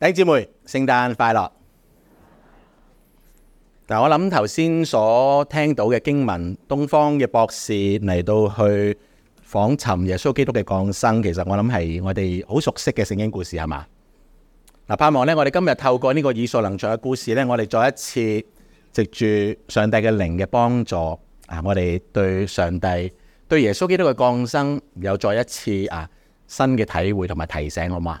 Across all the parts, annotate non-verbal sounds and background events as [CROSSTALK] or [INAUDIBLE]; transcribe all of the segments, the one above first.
弟兄姊妹，聖誕快樂！嗱，我諗頭先所聽到嘅經文，東方嘅博士嚟到去訪尋耶穌基督嘅降生，其實我諗係我哋好熟悉嘅聖經故事，係嘛？嗱，盼望呢，我哋今日透過呢個耳熟能詳嘅故事呢，我哋再一次藉住上帝嘅靈嘅幫助啊，我哋對上帝、對耶穌基督嘅降生有再一次啊新嘅體會同埋提醒，好嘛？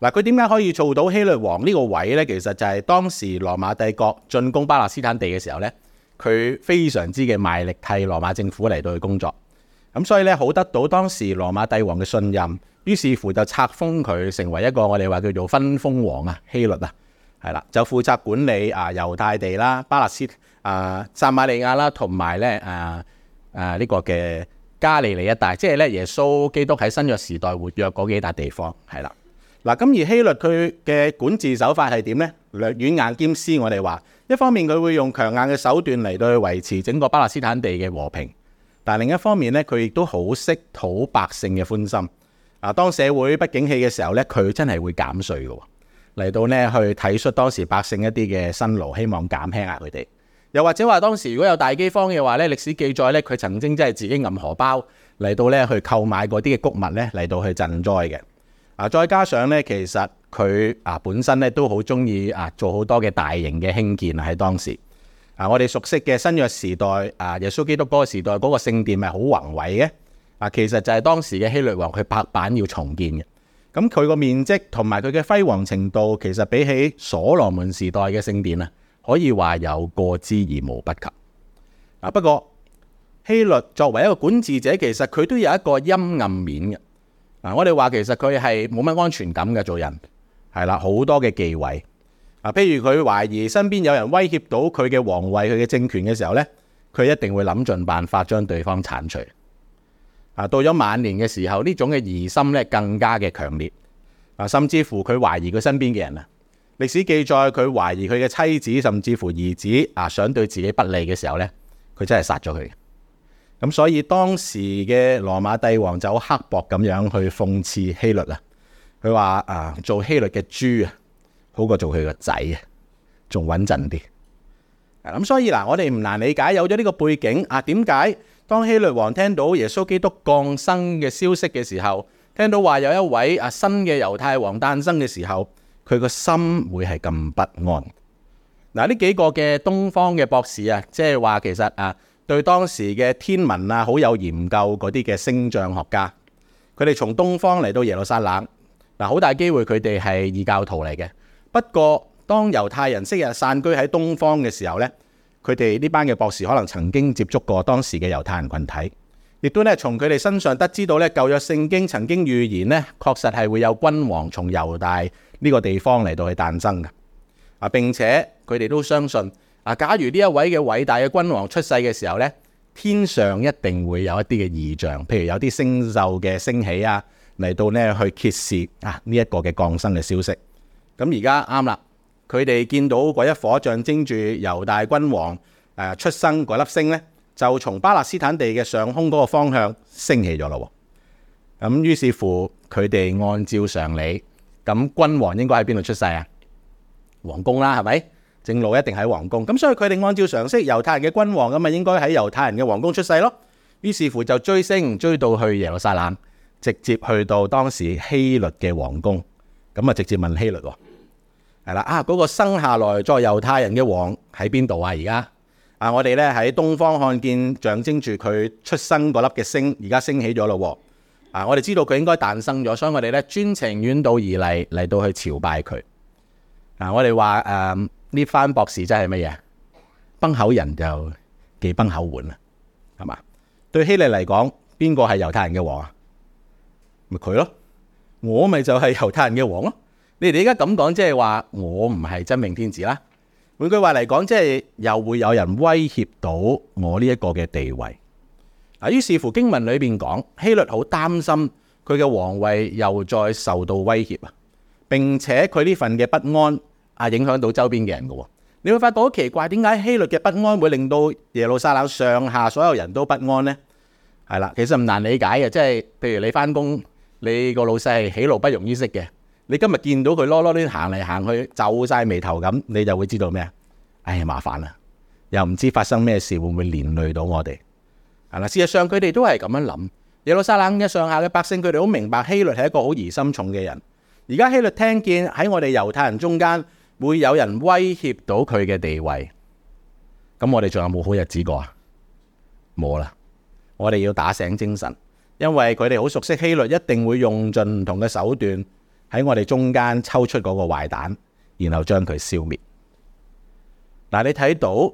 嗱，佢點解可以做到希律王呢個位呢？其實就係當時羅馬帝國進攻巴勒斯坦地嘅時候呢，佢非常之嘅賣力替羅馬政府嚟到去工作，咁所以呢，好得到當時羅馬帝王嘅信任，於是乎就冊封佢成為一個我哋話叫做分封王啊，希律啊，係啦，就負責管理啊猶太地啦、巴勒斯啊、撒瑪利亞啦，同埋咧誒誒呢個嘅加利利一帶，即係咧耶穌基督喺新約時代活躍嗰幾笪地方，係啦。嗱，咁而希律佢嘅管治手法係點呢？略軟硬兼施，我哋話，一方面佢會用強硬嘅手段嚟到去維持整個巴勒斯坦地嘅和平，但係另一方面呢佢亦都好識討百姓嘅歡心。啊，當社會不景氣嘅時候呢佢真係會減稅喎，嚟到呢去體恤當時百姓一啲嘅辛勞，希望減輕下佢哋。又或者話當時如果有大饑荒嘅話呢歷史記載呢佢曾經真係自己揜荷包嚟到呢去購買嗰啲嘅穀物呢嚟到去賑災嘅。嗱，再加上咧，其實佢啊本身咧都好中意啊，做好多嘅大型嘅興建。喺當時，啊，我哋熟悉嘅新約時代啊，耶穌基督嗰個時代嗰個聖殿係好宏偉嘅。嗱，其實就係當時嘅希律王佢拍板要重建嘅。咁佢個面積同埋佢嘅輝煌程度，其實比起所羅門時代嘅聖殿啊，可以話有過之而無不及。嗱，不過希律作為一個管治者，其實佢都有一個陰暗面嘅。嗱、啊，我哋話其實佢係冇乜安全感嘅做人，係啦好多嘅忌諱。啊，譬如佢懷疑身邊有人威脅到佢嘅皇位，佢嘅政權嘅時候呢，佢一定會諗盡辦法將對方鏟除。啊，到咗晚年嘅時候，呢種嘅疑心呢更加嘅強烈。啊，甚至乎佢懷疑佢身邊嘅人啊，歷史記載佢懷疑佢嘅妻子甚至乎兒子啊，想對自己不利嘅時候呢，佢真係殺咗佢。咁所以當時嘅羅馬帝王就好刻薄咁樣去諷刺希律啊！佢話啊，做希律嘅豬啊，好過做佢個仔啊，仲穩陣啲。啊咁，所以嗱，我哋唔難理解有咗呢個背景啊，點解當希律王聽到耶穌基督降生嘅消息嘅時候，聽到話有一位啊新嘅猶太王誕生嘅時候，佢個心會係咁不安？嗱，呢幾個嘅東方嘅博士啊，即係話其實啊。對當時嘅天文啊，好有研究嗰啲嘅星象學家，佢哋從東方嚟到耶路撒冷，嗱，好大機會佢哋係異教徒嚟嘅。不過，當猶太人昔日散居喺東方嘅時候呢，佢哋呢班嘅博士可能曾經接觸過當時嘅猶太人群體，亦都咧從佢哋身上得知到咧舊約聖經曾經預言呢，確實係會有君王從猶大呢個地方嚟到去誕生嘅啊。並且佢哋都相信。嗱，假如呢一位嘅偉大嘅君王出世嘅時候呢，天上一定會有一啲嘅異象，譬如有啲星宿嘅升起啊，嚟到呢去揭示啊呢一、這個嘅降生嘅消息。咁而家啱啦，佢哋見到嗰一火象徵住猶大君王誒、啊、出生嗰粒星呢，就從巴勒斯坦地嘅上空嗰個方向升起咗咯。咁、嗯、於是乎，佢哋按照常理，咁君王應該喺邊度出世啊？王宮啦，係咪？正路一定喺皇宮，咁所以佢哋按照常識，猶太人嘅君王咁咪應該喺猶太人嘅皇宮出世咯。於是乎就追星，追到去耶路撒冷，直接去到當時希律嘅皇宮，咁啊直接問希律：，係啦，啊嗰個生下來作猶太人嘅王喺邊度啊？而家啊，我哋咧喺東方看見象徵住佢出生嗰粒嘅星，而家升起咗咯。啊，我哋知道佢應該誕生咗，所以我哋咧專程遠道而嚟，嚟到去朝拜佢。嗱，我哋話誒。嗯呢番博士真係乜嘢？崩口人就忌崩口碗啦，係嘛？對希律嚟講，邊個係猶太人嘅王啊？咪佢咯，我咪就係猶太人嘅王咯。你哋而家咁講，即係話我唔係真命天子啦。換句話嚟講，即係又會有人威脅到我呢一個嘅地位。嗱，於是乎經文裏邊講，希律好擔心佢嘅皇位又再受到威脅啊，並且佢呢份嘅不安。啊！影響到周邊嘅人嘅喎，你會發覺好奇怪，點解希律嘅不安會令到耶路撒冷上下所有人都不安呢？係啦，其實唔難理解嘅，即係譬如你翻工，你個老細係喜怒不形於色嘅，你今日見到佢囉囉攣行嚟行去皺晒眉頭咁，你就會知道咩啊？唉，麻煩啦，又唔知道發生咩事會唔會連累到我哋？係啦，事實上佢哋都係咁樣諗。耶路撒冷嘅上下嘅百姓，佢哋好明白希律係一個好疑心重嘅人。而家希律聽見喺我哋猶太人中間。會有人威脅到佢嘅地位，咁我哋仲有冇好日子過啊？冇啦，我哋要打醒精神，因為佢哋好熟悉希律，一定會用盡唔同嘅手段喺我哋中間抽出嗰個壞蛋，然後將佢消滅。嗱，你睇到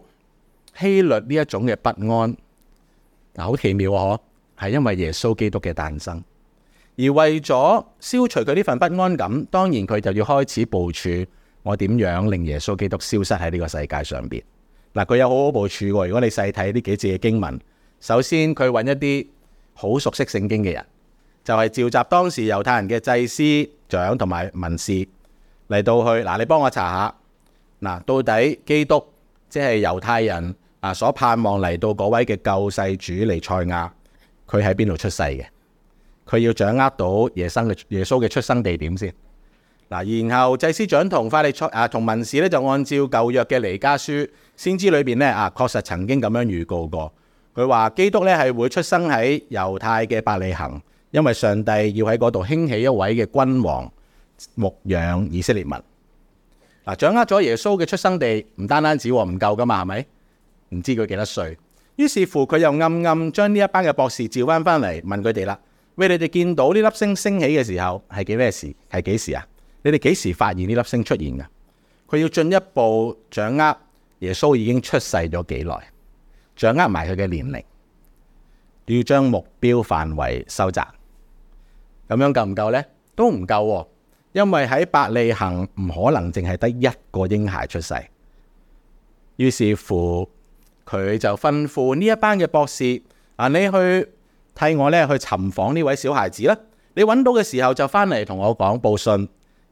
希律呢一種嘅不安，嗱，好奇妙喎，嗬，係因為耶穌基督嘅誕生，而為咗消除佢呢份不安感，當然佢就要開始部署。我點樣令耶穌基督消失喺呢個世界上邊？嗱，佢有好好部署過。如果你細睇呢幾字嘅經文，首先佢揾一啲好熟悉聖經嘅人，就係召集當時猶太人嘅祭司長同埋文士嚟到去。嗱，你幫我查下，嗱，到底基督即係猶太人啊，所盼望嚟到嗰位嘅救世主彌賽亞，佢喺邊度出世嘅？佢要掌握到耶穌嘅耶穌嘅出生地點先。嗱，然後祭司長同法利賽啊，同文士咧就按照舊約嘅彌迦書，先知裏面咧啊，確實曾經咁樣預告過。佢話基督咧係會出生喺猶太嘅伯利恆，因為上帝要喺嗰度興起一位嘅君王牧養以色列民。嗱，掌握咗耶穌嘅出生地唔單單止喎唔夠噶嘛，係咪？唔知佢幾多歲，於是乎佢又暗暗將呢一班嘅博士召翻翻嚟問佢哋啦。喂，你哋見到呢粒星升起嘅時候係幾咩時？係幾時啊？你哋幾時發現呢粒星出現㗎？佢要進一步掌握耶穌已經出世咗幾耐，掌握埋佢嘅年齡，要將目標範圍收窄，咁樣夠唔夠呢？都唔夠喎，因為喺伯利恆唔可能淨係得一個嬰孩出世。於是乎，佢就吩咐呢一班嘅博士，啊，你去替我咧去尋訪呢位小孩子啦。你揾到嘅時候就翻嚟同我講報信。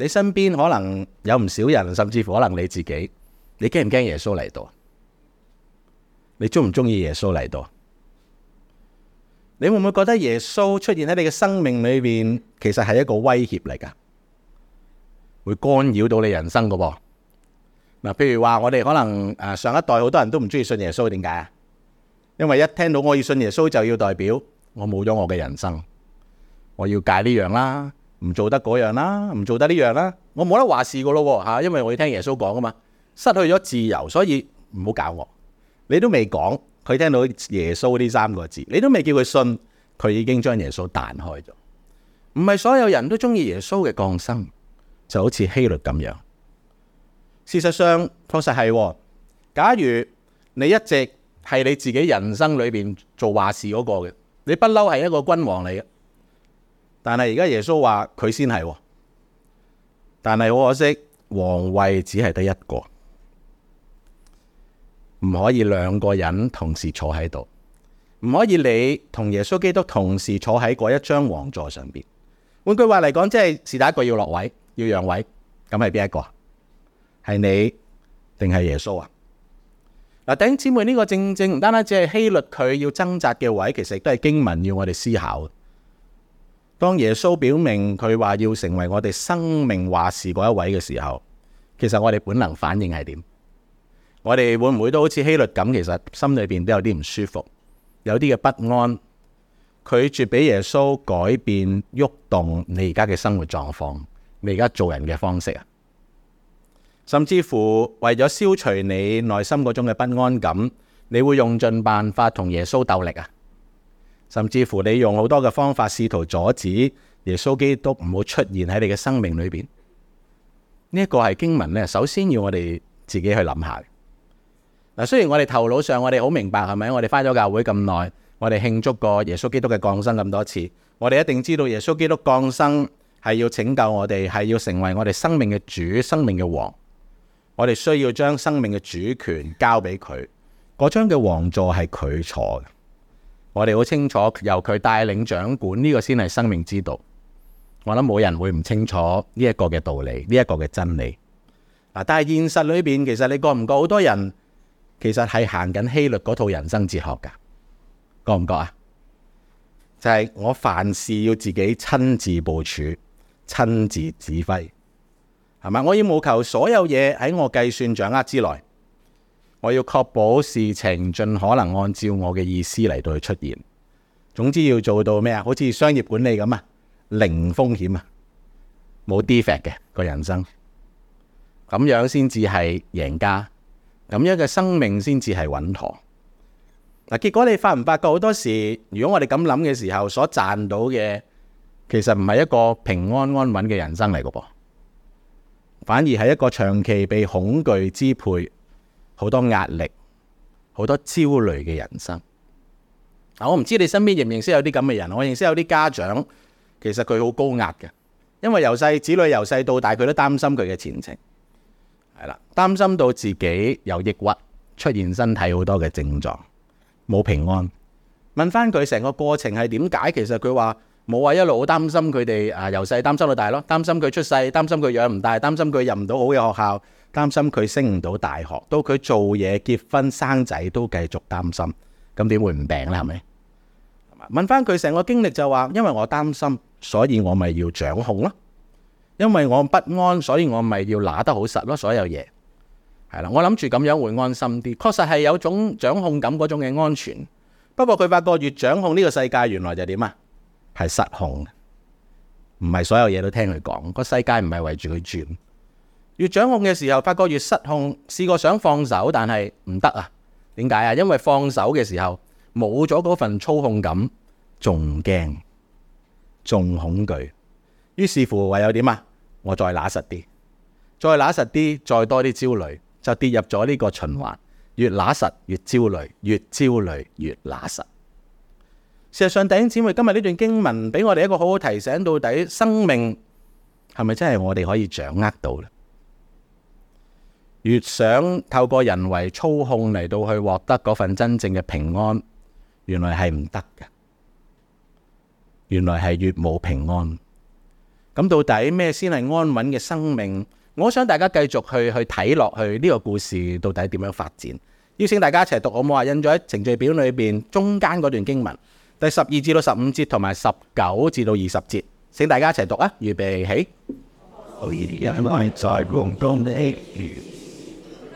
你身邊可能有唔少人，甚至乎可能你自己，你驚唔驚耶穌嚟到？你中唔中意耶穌嚟到？你會唔會覺得耶穌出現喺你嘅生命裏邊，其實係一個威脅嚟噶，會干擾到你人生噶噃？嗱，譬如話我哋可能誒上一代好多人都唔中意信耶穌，點解啊？因為一聽到我要信耶穌，就要代表我冇咗我嘅人生，我要戒呢樣啦。唔做得嗰樣啦，唔做得呢樣啦，我冇得話事㗎咯，吓，因為我要聽耶穌講啊嘛，失去咗自由，所以唔好搞我。你都未講，佢聽到耶穌呢三個字，你都未叫佢信，佢已經將耶穌彈開咗。唔係所有人都中意耶穌嘅降生，就好似希律咁樣。事實上，確實係。假如你一直係你自己人生裏邊做話事嗰個嘅，你不嬲係一個君王嚟嘅。但係而家耶穌話佢先係，但係好可惜，皇位只係得一個，唔可以兩個人同時坐喺度，唔可以你同耶穌基督同時坐喺嗰一張王座上邊。換句話嚟講，即係是第一個要落位，要讓位，咁係邊一個啊？係你定係耶穌啊？嗱，弟兄姊妹，呢個正正唔單單只係希律佢要掙扎嘅位，其實都係經文要我哋思考的。當耶穌表明佢話要成為我哋生命話事嗰一位嘅時候，其實我哋本能反應係點？我哋會唔會都好似希律咁？其實心裏邊都有啲唔舒服，有啲嘅不安，拒絕俾耶穌改變、喐動，動你而家嘅生活狀況，你而家做人嘅方式啊？甚至乎為咗消除你內心嗰種嘅不安感，你會用盡辦法同耶穌鬥力啊？甚至乎你用好多嘅方法試圖阻止耶穌基督唔好出現喺你嘅生命裏邊，呢一個係經文咧，首先要我哋自己去諗下。嗱，雖然我哋頭腦上我哋好明白，係咪？我哋翻咗教會咁耐，我哋慶祝過耶穌基督嘅降生咁多次，我哋一定知道耶穌基督降生係要拯救我哋，係要成為我哋生命嘅主、生命嘅王。我哋需要將生命嘅主權交俾佢，嗰張嘅王座係佢坐嘅。我哋好清楚，由佢帶領掌管呢個先係生命之道。我諗冇人會唔清楚呢一個嘅道理，呢一個嘅真理。但係現實裏邊，其實你覺唔覺好多人其實係行緊希律嗰套人生哲學噶？覺唔覺啊？就係我凡事要自己親自部署、親自指揮，係咪？我要務求所有嘢喺我計算掌握之內。我要確保事情盡可能按照我嘅意思嚟到去出現。總之要做到咩啊？好似商業管理咁啊，零風險啊，冇 defect 嘅個人生，咁樣先至係贏家。咁樣嘅生命先至係穩妥。嗱，結果你發唔發覺好多時，如果我哋咁諗嘅時候，所賺到嘅其實唔係一個平安安穩嘅人生嚟嘅噃，反而係一個長期被恐懼支配。好多壓力，好多焦慮嘅人生。嗱、啊，我唔知你身邊認唔認識有啲咁嘅人。我認識有啲家長，其實佢好高壓嘅，因為由細子女由細到大，佢都擔心佢嘅前程，係啦，擔心到自己有抑鬱，出現身體好多嘅症狀，冇平安。問翻佢成個過程係點解？其實佢話冇話，一路好擔心佢哋。啊，由細擔心到大咯，擔心佢出世，擔心佢養唔大，擔心佢入唔到好嘅學校。擔心佢升唔到大學，到佢做嘢、結婚、生仔都繼續擔心，咁點會唔病呢？係咪？問翻佢成個經歷就話，因為我擔心，所以我咪要掌控咯。因為我不安，所以我咪要拿得好實咯。所有嘢係啦，我諗住咁樣會安心啲。確實係有種掌控感嗰種嘅安全。不過佢發覺越掌控呢個世界，原來就點啊？係失控嘅，唔係所有嘢都聽佢講，個世界唔係圍住佢轉。越掌控嘅時候，發覺越失控。試過想放手，但係唔得啊？點解啊？因為放手嘅時候冇咗嗰份操控感，仲驚仲恐懼。於是乎，唯有點啊？我再拿實啲，再拿實啲，再多啲焦慮，就跌入咗呢個循環。越拿實越焦慮，越焦慮越，越，越拿實。事實上，弟兄姊妹，今日呢段經文俾我哋一個好好提醒，到底生命係咪真係我哋可以掌握到呢？越想透過人為操控嚟到去獲得嗰份真正嘅平安，原來係唔得嘅。原來係越冇平安。咁到底咩先係安穩嘅生命？我想大家繼續去去睇落去呢個故事到底點樣發展。邀請大家一齊讀，好唔好啊印咗喺程序表裏邊中間嗰段經文，第十二至到十五節同埋十九至到二十節。請大家一齊讀啊！預備起。 [MUSIC]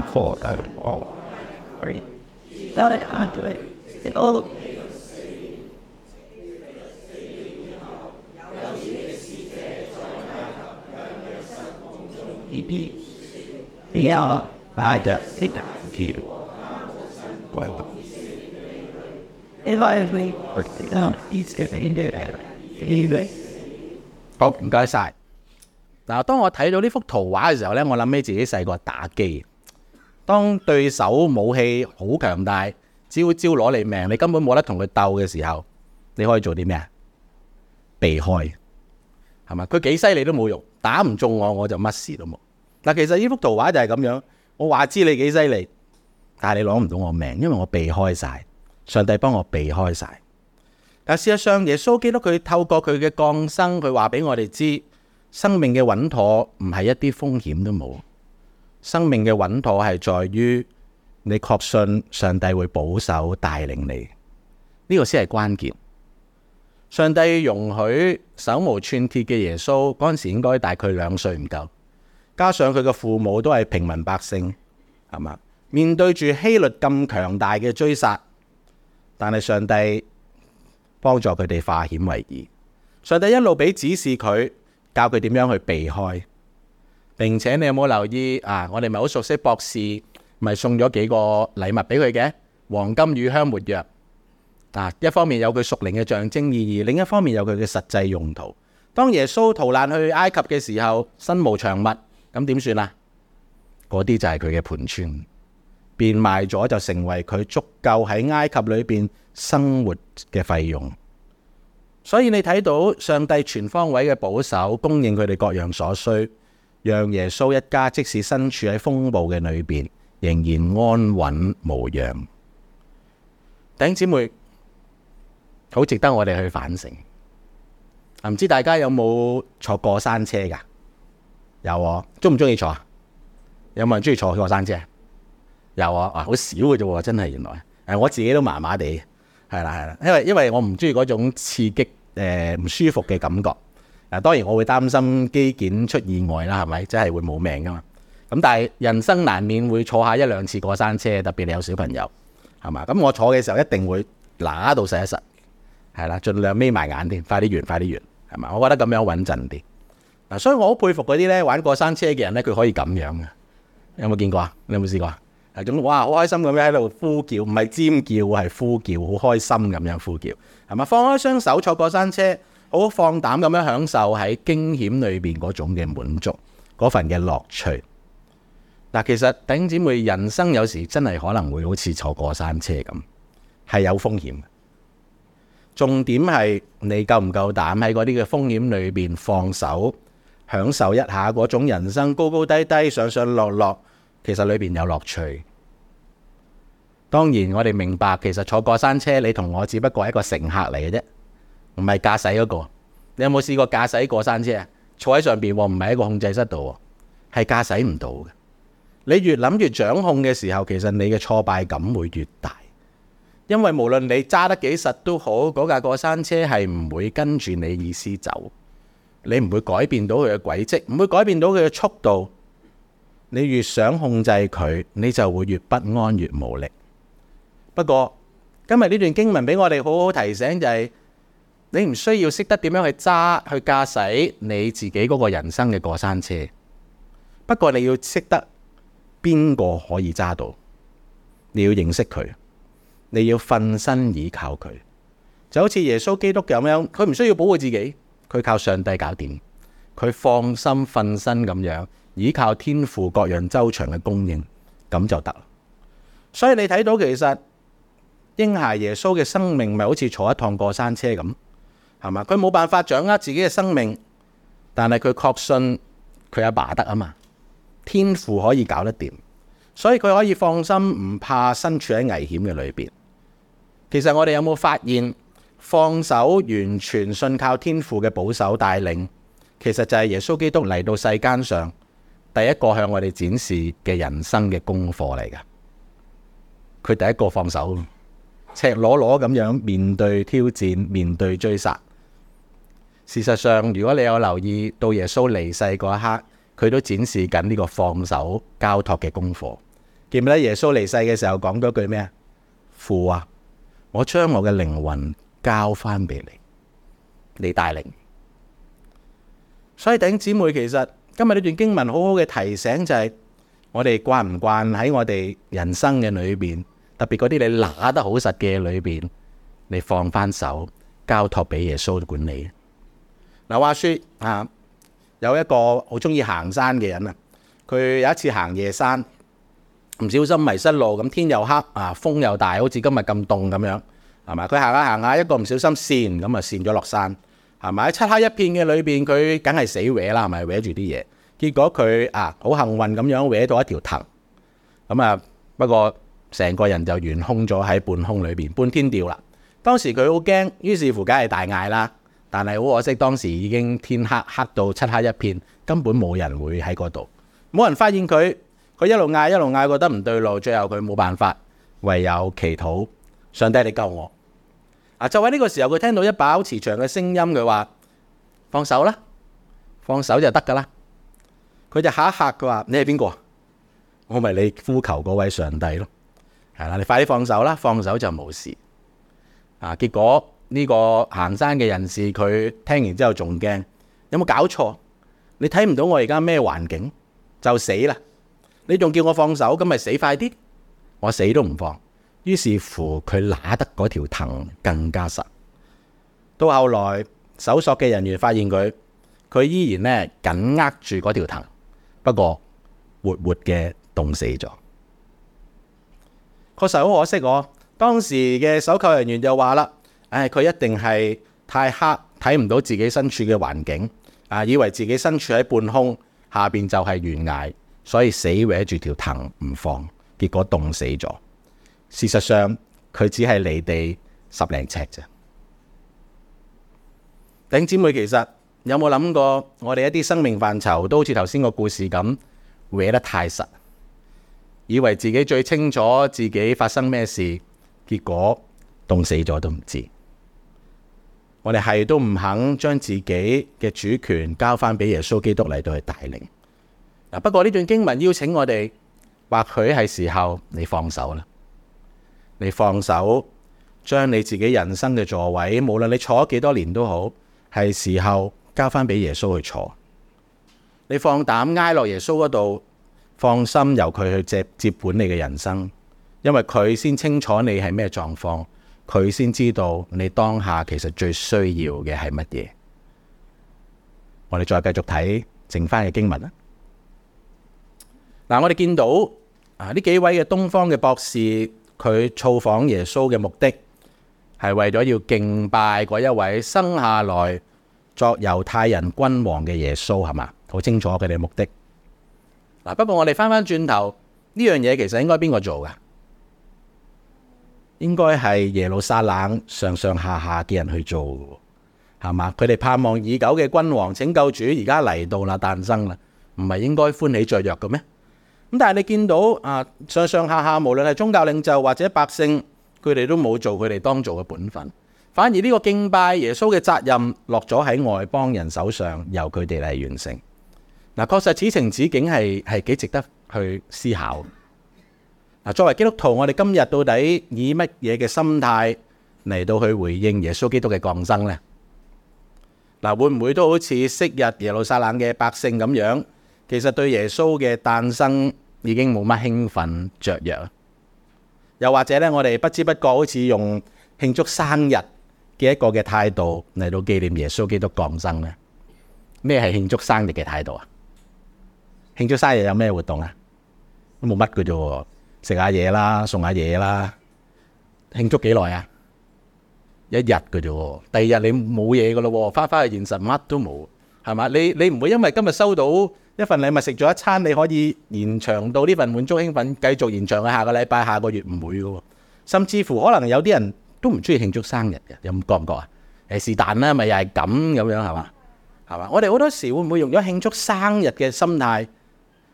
好，得唔得？得，好。係啊，係啊，得。好唔該晒嗱。當我睇到呢幅圖畫嘅時候咧，我諗起自己細個打機。當對手武器好強大，招招攞你命，你根本冇得同佢鬥嘅時候，你可以做啲咩啊？避開，係嘛？佢幾犀利都冇用，打唔中我我就乜事都冇。嗱，其實呢幅圖畫就係咁樣，我話知你幾犀利，但係你攞唔到我命，因為我避開晒，上帝幫我避開晒。但事實上，耶穌基督佢透過佢嘅降生，佢話俾我哋知，生命嘅穩妥唔係一啲風險都冇。生命嘅穩妥係在於你確信上帝會保守帶領你，呢個先係關鍵。上帝容許手無寸鐵嘅耶穌嗰陣時，應該大概兩歲唔夠，加上佢嘅父母都係平民百姓，係嘛？面對住希律咁強大嘅追殺，但係上帝幫助佢哋化險為夷。上帝一路俾指示佢，教佢點樣去避開。並且你有冇留意啊？我哋咪好熟悉博士，咪送咗幾個禮物俾佢嘅黃金、乳香、沒藥。啊，一方面有佢屬靈嘅象徵意義，另一方面有佢嘅實際用途。當耶穌逃難去埃及嘅時候，身無長物，咁點算啊？嗰啲就係佢嘅盤川，變賣咗就成為佢足夠喺埃及裏邊生活嘅費用。所以你睇到上帝全方位嘅保守，供應佢哋各樣所需。讓耶穌一家即使身處喺風暴嘅裏邊，仍然安穩無恙。頂姊妹好值得我哋去反省。啊，唔知大家有冇坐過山車噶？有啊，中唔中意坐啊？有冇人中意坐過山車？有啊，啊好少嘅啫，真係原來。誒，我自己都麻麻地，係啦係啦，因為因為我唔中意嗰種刺激誒唔舒服嘅感覺。嗱，當然我會擔心機件出意外啦，係咪？即係會冇命噶嘛。咁但係人生難免會坐下一兩次過山車，特別你有小朋友，係嘛？咁我坐嘅時候一定會嗱到實一實，係啦，盡量眯埋眼添，快啲完，快啲完，係嘛？我覺得咁樣穩陣啲。嗱，所以我好佩服嗰啲咧玩過山車嘅人咧，佢可以咁樣嘅。有冇見過啊？你有冇試過啊？係哇，好開心咁樣喺度呼叫，唔係尖叫，係呼叫，好開心咁樣呼叫，係嘛？放開雙手坐過山車。好放膽咁樣享受喺驚險裏邊嗰種嘅滿足，嗰份嘅樂趣。嗱，其實弟兄姊妹，人生有時真係可能會好似坐過山車咁，係有風險嘅。重點係你夠唔夠膽喺嗰啲嘅風險裏邊放手，享受一下嗰種人生高高低低、上上落落，其實裏邊有樂趣。當然，我哋明白，其實坐過山車，你同我只不過係一個乘客嚟嘅啫。唔係駕駛嗰個，你有冇試過駕駛過山車啊？坐喺上邊，唔係喺個控制室度，係駕駛唔到嘅。你越諗越掌控嘅時候，其實你嘅挫敗感會越大，因為無論你揸得幾實都好，嗰架過山車係唔會跟住你意思走，你唔會改變到佢嘅軌跡，唔會改變到佢嘅速度。你越想控制佢，你就會越不安越無力。不過今日呢段經文俾我哋好好提醒就係、是。你唔需要識得點樣去揸去駕駛你自己嗰個人生嘅過山車，不過你要識得邊個可以揸到，你要認識佢，你要瞓身倚靠佢，就好似耶穌基督咁樣，佢唔需要保護自己，佢靠上帝搞掂，佢放心瞓身咁樣依靠天父各樣周長嘅供應，咁就得。所以你睇到其實嬰孩耶穌嘅生命咪好似坐一趟過山車咁。係嘛？佢冇辦法掌握自己嘅生命，但係佢確信佢阿爸得啊嘛，天父可以搞得掂，所以佢可以放心唔怕身處喺危險嘅裏邊。其實我哋有冇發現放手完全信靠天父嘅保守帶領，其實就係耶穌基督嚟到世間上第一個向我哋展示嘅人生嘅功課嚟噶。佢第一個放手，赤裸裸咁樣面對挑戰，面對追殺。事實上，如果你有留意到耶穌離世嗰一刻，佢都展示緊呢個放手交託嘅功課。記唔記得耶穌離世嘅時候講咗句咩啊？父啊，我將我嘅靈魂交翻俾你，你帶領。所以弟兄姊妹，其實今日呢段經文好好嘅提醒就係我哋慣唔慣喺我哋人生嘅裏邊，特別嗰啲你拿得好實嘅嘢裏邊，你放翻手交託俾耶穌管理。有話書啊，有一個好中意行山嘅人啊，佢有一次行夜山，唔小心迷失路，咁天又黑啊，風又大，好似今日咁凍咁樣，係嘛？佢行下行下，一個唔小心跣，咁啊跣咗落山，係咪？喺漆黑一片嘅裏邊，佢梗係死搲啦，係咪搲住啲嘢？結果佢啊好幸運咁樣搲到一條藤，咁啊，不過成個人就懸空咗喺半空裏邊，半天吊啦。當時佢好驚，於是乎梗係大嗌啦。但係好可惜，當時已經天黑黑，到漆黑一片，根本冇人會喺嗰度，冇人發現佢。佢一路嗌一路嗌，覺得唔對路，最後佢冇辦法，唯有祈禱，上帝你救我。嗱，就喺呢個時候，佢聽到一把好慈祥嘅聲音，佢話，放手啦，放手就得噶啦。佢就嚇一嚇佢話：你係邊個？我咪你呼求嗰位上帝咯，係啦，你快啲放手啦，放手就冇事。啊，結果。呢、這個行山嘅人士，佢聽完之後仲驚，有冇搞錯？你睇唔到我而家咩環境就死啦！你仲叫我放手，咁咪死快啲！我死都唔放。於是乎，佢拉得嗰條藤更加實。到後來，搜索嘅人員發現佢，佢依然呢緊握住嗰條藤，不過活活嘅凍死咗。確實好可惜喎。我當時嘅搜救人員就話啦。誒，佢一定係太黑，睇唔到自己身處嘅環境，啊，以為自己身處喺半空，下邊就係懸崖，所以死搲住條藤唔放，結果凍死咗。事實上，佢只係離地十零尺啫。弟兄姊妹，其實有冇諗過，我哋一啲生命範疇都好似頭先個故事咁搲得太實，以為自己最清楚自己發生咩事，結果凍死咗都唔知。我哋係都唔肯將自己嘅主權交翻俾耶穌基督嚟到去帶領。不過呢段經文邀請我哋，或許係時候你放手啦，你放手，將你自己人生嘅座位，無論你坐咗幾多年都好，係時候交翻俾耶穌去坐。你放膽挨落耶穌嗰度，放心由佢去接接管你嘅人生，因為佢先清楚你係咩狀況。佢先知道你當下其實最需要嘅係乜嘢？我哋再繼續睇剩翻嘅經文啦。嗱，我哋見到啊呢幾位嘅東方嘅博士，佢造訪耶穌嘅目的係為咗要敬拜嗰一位生下來作猶太人君王嘅耶穌，係嘛？好清楚佢哋嘅目的。嗱，不過我哋翻翻轉頭呢樣嘢，其實應該邊個做㗎？應該係耶路撒冷上上下下嘅人去做嘅，係嘛？佢哋盼望已久嘅君王拯救主，而家嚟到啦，誕生啦，唔係應該歡喜雀躍嘅咩？咁但係你見到啊，上上下下無論係宗教領袖或者百姓，佢哋都冇做佢哋當做嘅本分，反而呢個敬拜耶穌嘅責任落咗喺外邦人手上，由佢哋嚟完成。嗱，確實此情此景係係幾值得去思考。嗱，作為基督徒，我哋今日到底以乜嘢嘅心態嚟到去回應耶穌基督嘅降生呢？嗱，會唔會都好似昔日耶路撒冷嘅百姓咁樣，其實對耶穌嘅誕生已經冇乜興奮雀躍？又或者咧，我哋不知不覺好似用慶祝生日嘅一個嘅態度嚟到紀念耶穌基督降生呢？咩係慶祝生日嘅態度啊？慶祝生日有咩活動啊？都冇乜嘅啫喎～食下嘢啦，送下嘢啦，慶祝幾耐啊？一日㗎啫喎，第二日你冇嘢㗎咯喎，返返去現實乜都冇係嘛？你你唔會因為今日收到一份禮物，食咗一餐，你可以延長到呢份滿足興奮，繼續延長去下個禮拜、下個月，唔會㗎喎。甚至乎可能有啲人都唔中意慶祝生日嘅，有唔覺唔覺啊？誒是但啦，咪又係咁咁樣係嘛係嘛？我哋好多時會唔會用咗慶祝生日嘅心態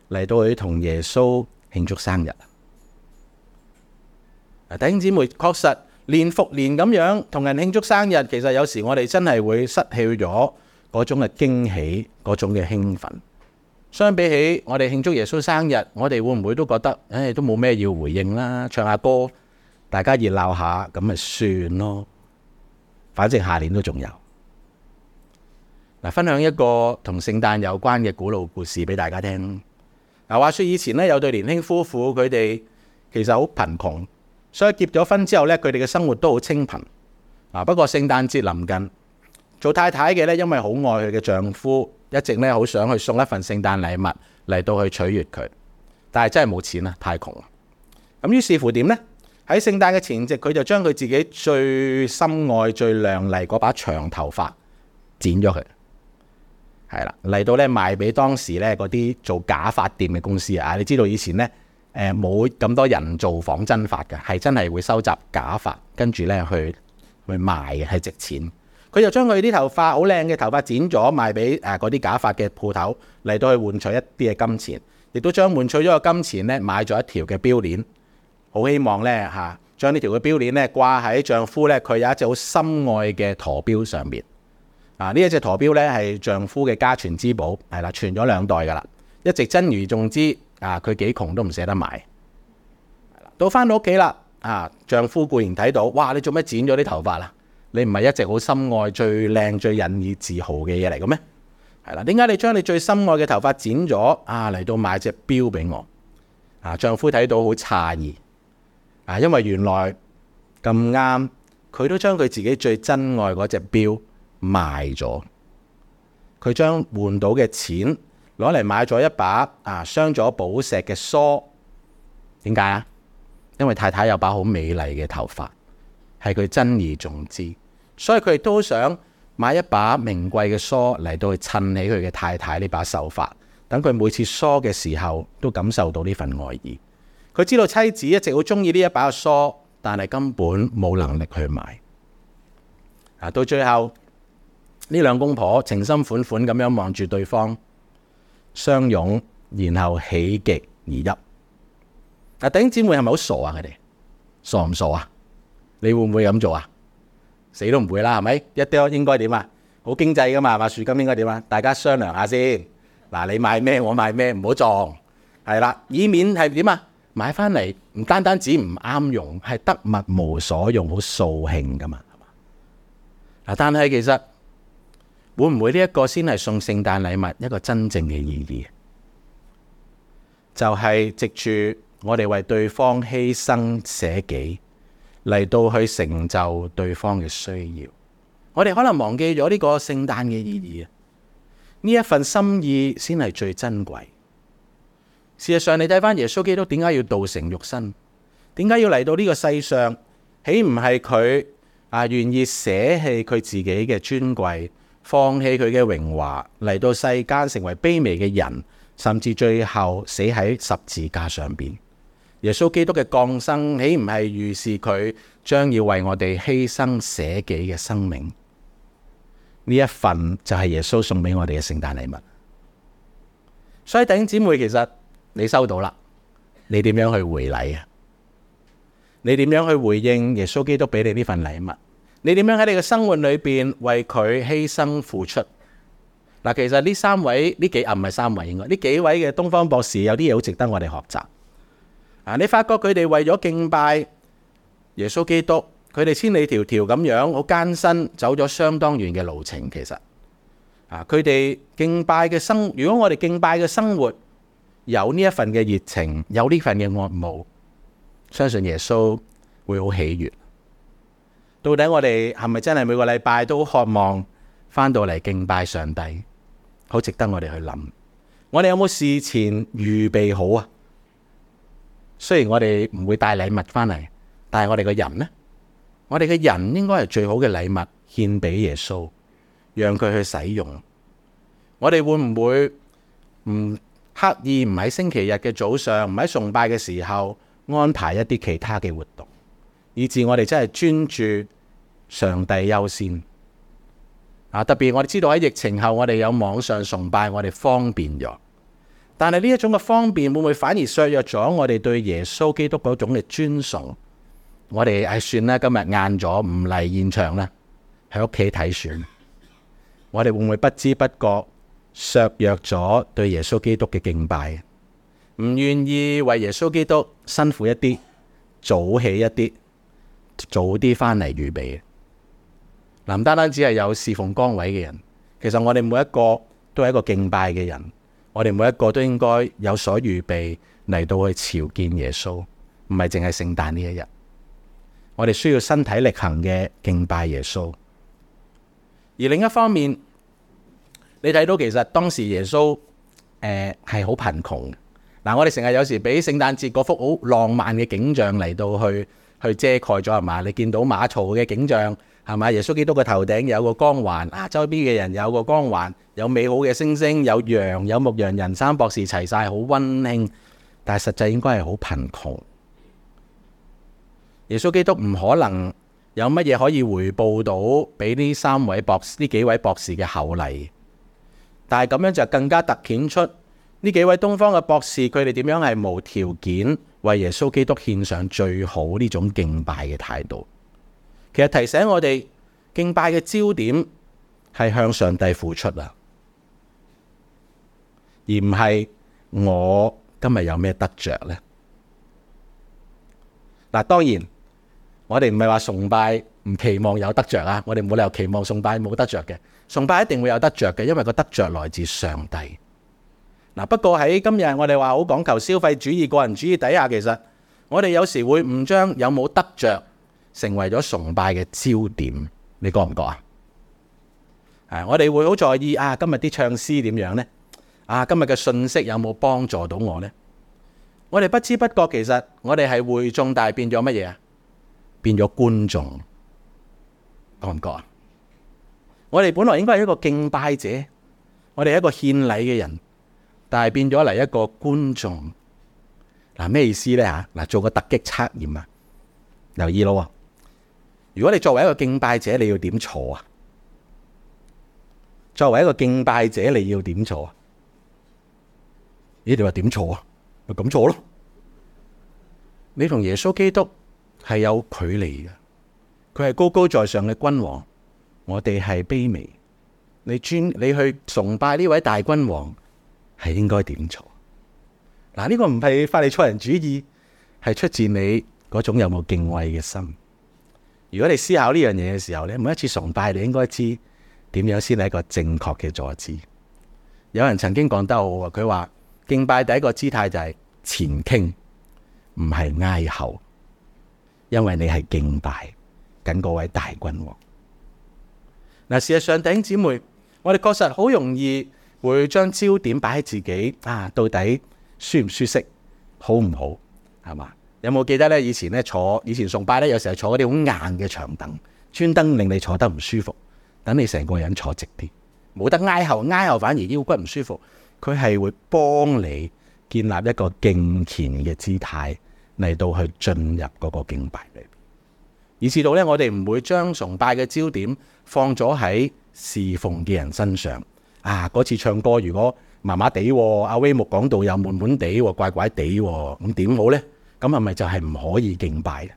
嚟到去同耶穌慶祝生日啊？啊！弟兄姊妹，確實年復年咁樣同人慶祝生日，其實有時我哋真係會失去咗嗰種嘅驚喜，嗰種嘅興奮。相比起我哋慶祝耶穌生日，我哋會唔會都覺得，唉，都冇咩要回應啦，唱下歌，大家熱鬧下，咁咪算咯。反正下年都仲有。嗱，分享一個同聖誕有關嘅古老故事俾大家聽啦。嗱，話説以前呢有對年輕夫婦，佢哋其實好貧窮。所以結咗婚之後咧，佢哋嘅生活都好清貧。嗱，不過聖誕節臨近，做太太嘅咧，因為好愛佢嘅丈夫，一直咧好想去送一份聖誕禮物嚟到去取悅佢，但係真係冇錢啊，太窮啦。咁於是乎點呢？喺聖誕嘅前夕，佢就將佢自己最深愛、最靚麗嗰把長頭髮剪咗佢，係啦，嚟到咧賣俾當時咧嗰啲做假髮店嘅公司啊！你知道以前咧？誒冇咁多人做仿真髮嘅，係真係會收集假髮，跟住咧去去賣嘅，係值錢。佢就將佢啲頭髮，好靚嘅頭髮剪咗，賣俾嗰啲假髮嘅鋪頭，嚟到去換取一啲嘅金錢，亦都將換取咗嘅金錢咧買咗一條嘅錶鏈，好希望咧吓將呢條嘅錶鏈咧掛喺丈夫咧佢有一隻好深愛嘅陀錶上面。啊，呢一隻陀錶咧係丈夫嘅家傳之寶，係啦，傳咗兩代噶啦，一直珍如重之。啊！佢幾窮都唔捨得買。到返到屋企啦，啊！丈夫固然睇到，哇！你做咩剪咗啲頭髮啦？你唔係一直好心愛、最靚、最引以自豪嘅嘢嚟嘅咩？係啦，點解你將你最心愛嘅頭髮剪咗啊？嚟到買隻錶俾我。啊！丈夫睇到好詫異。啊！因為原來咁啱，佢都將佢自己最珍愛嗰隻錶賣咗。佢將換到嘅錢。攞嚟買咗一把啊！鑲咗寶石嘅梳，點解啊？因為太太有把好美麗嘅頭髮，係佢珍而重之，所以佢亦都想買一把名貴嘅梳嚟到去襯起佢嘅太太呢把秀髮，等佢每次梳嘅時候都感受到呢份愛意。佢知道妻子一直好鍾意呢一把梳，但係根本冇能力去買。啊，到最後呢兩公婆情深款款咁樣望住對方。相擁，然後喜極而泣。嗱，弟兄姊妹係咪好傻啊？佢哋傻唔傻啊？你會唔會咁做啊？死都唔會啦，係咪？一啲應該點啊？好經濟噶嘛，買樹金應該點啊？大家商量下先。嗱，你買咩？我買咩？唔好撞，係啦，以免係點啊？買翻嚟唔單單止唔啱用，係得物無所用，好掃興噶嘛。嗱，但係其實。會唔會呢一個先係送聖誕禮物一個真正嘅意義？就係、是、藉住我哋為對方犧牲捨己嚟到去成就對方嘅需要。我哋可能忘記咗呢個聖誕嘅意義啊！呢一份心意先係最珍貴。事實上，你睇返耶穌基督點解要道成肉身，點解要嚟到呢個世上，豈唔係佢啊？願意捨棄佢自己嘅尊貴？放棄佢嘅榮華嚟到世間成為卑微嘅人，甚至最後死喺十字架上邊。耶穌基督嘅降生，豈唔係預示佢將要為我哋犧牲捨己嘅生命？呢一份就係耶穌送俾我哋嘅聖誕禮物。所以弟兄姊妹，其實你收到啦，你點樣去回禮啊？你點樣去回應耶穌基督俾你呢份禮物？你點樣喺你嘅生活裏邊為佢犧牲付出？嗱，其實呢三位呢，幾唔係三位，應該呢幾位嘅東方博士有啲嘢好值得我哋學習。嗱，你發覺佢哋為咗敬拜耶穌基督，佢哋千里迢迢咁樣好艱辛，走咗相當遠嘅路程。其實啊，佢哋敬拜嘅生，如果我哋敬拜嘅生活有呢一份嘅熱情，有呢份嘅愛慕，相信耶穌會好喜悅。到底我哋係咪真係每個禮拜都渴望翻到嚟，敬拜上帝？好值得我哋去諗。我哋有冇事前預備好啊？雖然我哋唔會帶禮物翻嚟，但係我哋個人呢？我哋嘅人應該係最好嘅禮物，獻俾耶穌，讓佢去使用。我哋會唔會唔刻意唔喺星期日嘅早上，唔喺崇拜嘅時候安排一啲其他嘅活動？以致我哋真係專注上帝優先啊！特別我哋知道喺疫情後，我哋有網上崇拜，我哋方便咗。但係呢一種嘅方便，會唔會反而削弱咗我哋對耶穌基督嗰種嘅尊崇？我哋，唉算啦，今日晏咗唔嚟現場啦，喺屋企睇算。我哋會唔會不知不覺削弱咗對耶穌基督嘅敬拜？唔願意為耶穌基督辛苦一啲，早起一啲。早啲翻嚟預備嘅。嗱，唔單單只係有侍奉崗位嘅人，其實我哋每一個都係一個敬拜嘅人，我哋每一個都應該有所預備嚟到去朝見耶穌，唔係淨係聖誕呢一日，我哋需要身體力行嘅敬拜耶穌。而另一方面，你睇到其實當時耶穌誒係好貧窮。嗱，我哋成日有時俾聖誕節嗰幅好浪漫嘅景象嚟到去。去遮蓋咗係嘛？你見到馬槽嘅景象係嘛？耶穌基督嘅頭頂有個光環，啊，周邊嘅人有個光環，有美好嘅星星，有羊，有牧羊人，三博士齊晒，好溫馨。但係實際應該係好貧窮。耶穌基督唔可能有乜嘢可以回報到俾呢三位博士。呢幾位博士嘅厚禮。但係咁樣就更加突顯出呢幾位東方嘅博士，佢哋點樣係無條件。為耶穌基督獻上最好呢種敬拜嘅態度，其實提醒我哋敬拜嘅焦點係向上帝付出，而唔係我今日有咩得着呢？嗱，當然我哋唔係話崇拜唔期望有得着啊，我哋冇理由期望崇拜冇得着嘅，崇拜一定會有得着嘅，因為個得着來自上帝。不過喺今日，我哋話好講求消費主義、個人主義底下，其實我哋有時會唔將有冇得着成為咗崇拜嘅焦點。你覺唔覺啊？我哋會好在意啊！今日啲唱詩點樣呢？啊，今日嘅信息有冇幫助到我呢？我哋不知不覺其實我哋係會眾，但係變咗乜嘢啊？變咗觀眾，覺唔覺啊？我哋本來應該係一個敬拜者，我哋係一個獻禮嘅人。但係變咗嚟一個觀眾，嗱，咩意思咧？吓嗱，做個突擊測驗啊，留意咯喎！如果你作為一個敬拜者，你要點坐啊？作為一個敬拜者，你要點坐啊？你哋話點坐啊？就咁坐咯！你同耶穌基督係有距離嘅，佢係高高在上嘅君王，我哋係卑微。你尊你去崇拜呢位大君王。係應該點做？嗱，呢個唔係發你錯人主意，係出自你嗰種有冇敬畏嘅心。如果你思考呢樣嘢嘅時候咧，每一次崇拜，你應該知點樣先係一個正確嘅坐姿。有人曾經講得好啊，佢話敬拜第一個姿態就係前傾，唔係挨後，因為你係敬拜緊嗰位大君王。嗱，事實上，弟兄姊妹，我哋確實好容易。會將焦點擺喺自己啊，到底舒唔舒適，好唔好，係嘛？有冇記得咧？以前咧坐，以前崇拜咧，有時候坐嗰啲好硬嘅長凳，專登令你坐得唔舒服，等你成個人坐直啲，冇得挨後，挨後反而腰骨唔舒服。佢係會幫你建立一個敬虔嘅姿態嚟到去進入嗰個敬拜裏邊。而至到咧，我哋唔會將崇拜嘅焦點放咗喺侍奉嘅人身上。啊！嗰次唱歌如果麻麻地，阿威木講到又悶悶地，怪怪地，咁點好呢？咁係咪就係唔可以敬拜？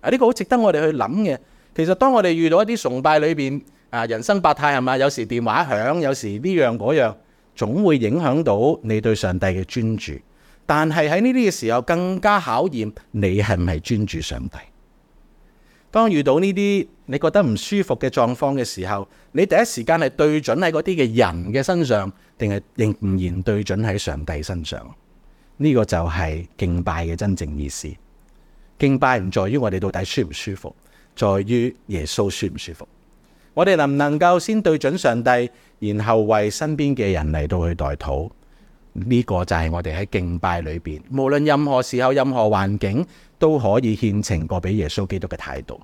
啊！呢個好值得我哋去諗嘅。其實當我哋遇到一啲崇拜裏邊啊人生百態係嘛，有時電話響，有時呢樣嗰樣，總會影響到你對上帝嘅專注。但係喺呢啲嘅時候，更加考驗你係唔係專注上帝。當遇到呢啲你覺得唔舒服嘅狀況嘅時候，你第一時間係對準喺嗰啲嘅人嘅身上，定係仍然對準喺上帝身上？呢個就係敬拜嘅真正意思。敬拜唔在於我哋到底舒唔舒服，在於耶穌舒唔舒服。我哋能唔能夠先對準上帝，然後為身邊嘅人嚟到去代禱？呢個就係我哋喺敬拜裏邊，無論任何時候、任何環境。都可以獻情過俾耶穌基督嘅態度，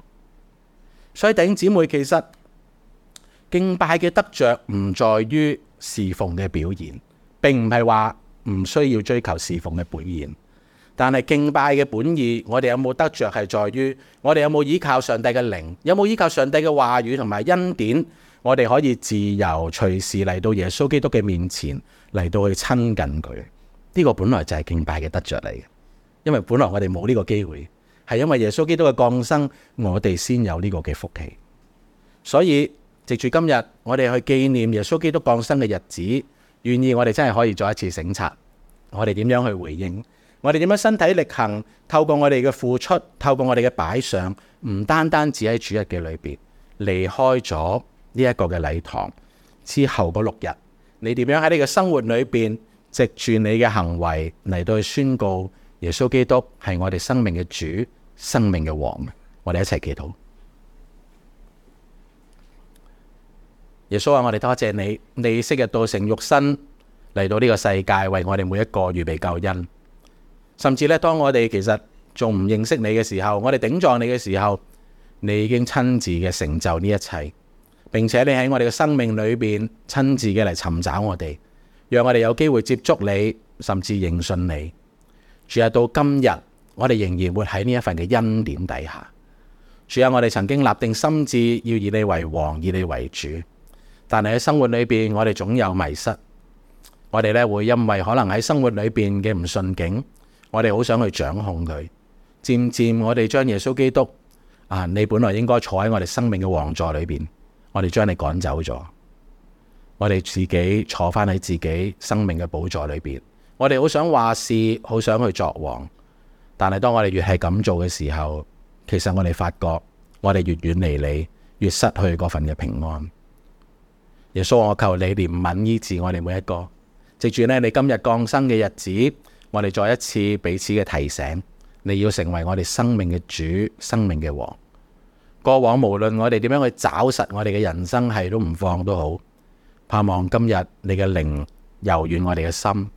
所以弟兄姊妹，其實敬拜嘅得着唔在於侍奉嘅表現，並唔係話唔需要追求侍奉嘅表現，但係敬拜嘅本意，我哋有冇得着係在於我哋有冇依靠上帝嘅靈，有冇依靠上帝嘅話語同埋恩典，我哋可以自由隨時嚟到耶穌基督嘅面前嚟到去親近佢，呢個本來就係敬拜嘅得着嚟嘅。因為本來我哋冇呢個機會，係因為耶穌基督嘅降生，我哋先有呢個嘅福氣。所以，藉住今日，我哋去紀念耶穌基督降生嘅日子，願意我哋真係可以再一次省察，我哋點樣去回應，我哋點樣身體力行，透過我哋嘅付出，透過我哋嘅擺上，唔單單只喺主日嘅裏邊離開咗呢一個嘅禮堂之後嗰六日，你點樣喺你嘅生活裏邊，藉住你嘅行為嚟到去宣告。耶穌基督係我哋生命嘅主，生命嘅王。我哋一齊祈禱。耶穌話：我哋多謝你，你昔日道成肉身嚟到呢個世界，為我哋每一個預備救恩。甚至咧，當我哋其實仲唔認識你嘅時候，我哋頂撞你嘅時候，你已經親自嘅成就呢一切，並且你喺我哋嘅生命裏邊親自嘅嚟尋找我哋，讓我哋有機會接觸你，甚至認信你。主啊，到今日我哋仍然會喺呢一份嘅恩典底下。主啊，我哋曾經立定心志要以你為王，以你為主，但係喺生活裏邊我哋總有迷失。我哋咧會因為可能喺生活裏邊嘅唔順境，我哋好想去掌控佢。漸漸我哋將耶穌基督啊，你本來應該坐喺我哋生命嘅王座裏邊，我哋將你趕走咗，我哋自己坐翻喺自己生命嘅寶座裏邊。我哋好想話事，好想去作王，但係當我哋越係咁做嘅時候，其實我哋發覺我哋越遠離你，越失去嗰份嘅平安。耶穌，我求你憐憫醫治我哋每一個。藉住咧，你今日降生嘅日子，我哋再一次彼此嘅提醒，你要成為我哋生命嘅主，生命嘅王。過往無論我哋點樣去找實我哋嘅人生係都唔放都好，盼望今日你嘅靈柔軟我哋嘅心。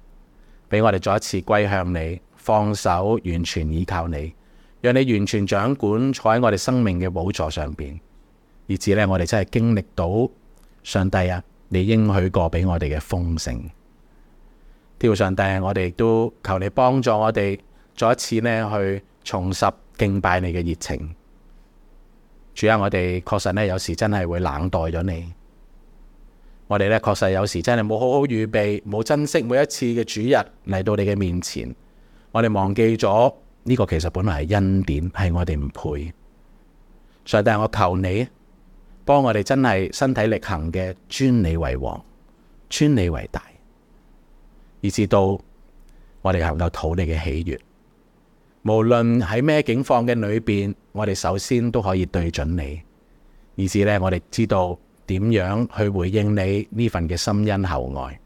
俾我哋再一次歸向你，放手完全依靠你，讓你完全掌管坐喺我哋生命嘅寶座上邊，以至呢，我哋真係經歷到上帝啊，你應許過俾我哋嘅豐盛。天父上帝，我哋都求你幫助我哋再一次呢去重拾敬拜你嘅熱情。主啊，我哋確實呢，有時真係會冷待咗你。我哋咧確實有時真係冇好好預備，冇珍惜每一次嘅主日嚟到你嘅面前，我哋忘記咗呢、這個其實本來係恩典，係我哋唔配。上帝，我求你，幫我哋真係身體力行嘅尊你為王，尊你為大，以至到我哋行到討你嘅喜悅。無論喺咩境況嘅裏邊，我哋首先都可以對準你，以至咧我哋知道。點樣去回應你呢份嘅心恩厚愛，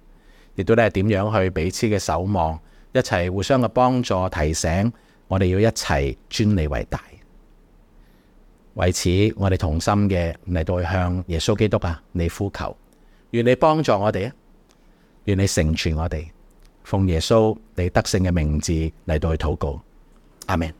亦都咧係點樣去彼此嘅守望，一齊互相嘅幫助提醒，我哋要一齊尊你為大。為此，我哋同心嘅嚟到向耶穌基督啊，你呼求，願你幫助我哋啊，願你成全我哋，奉耶穌你得勝嘅名字嚟到去禱告，阿門。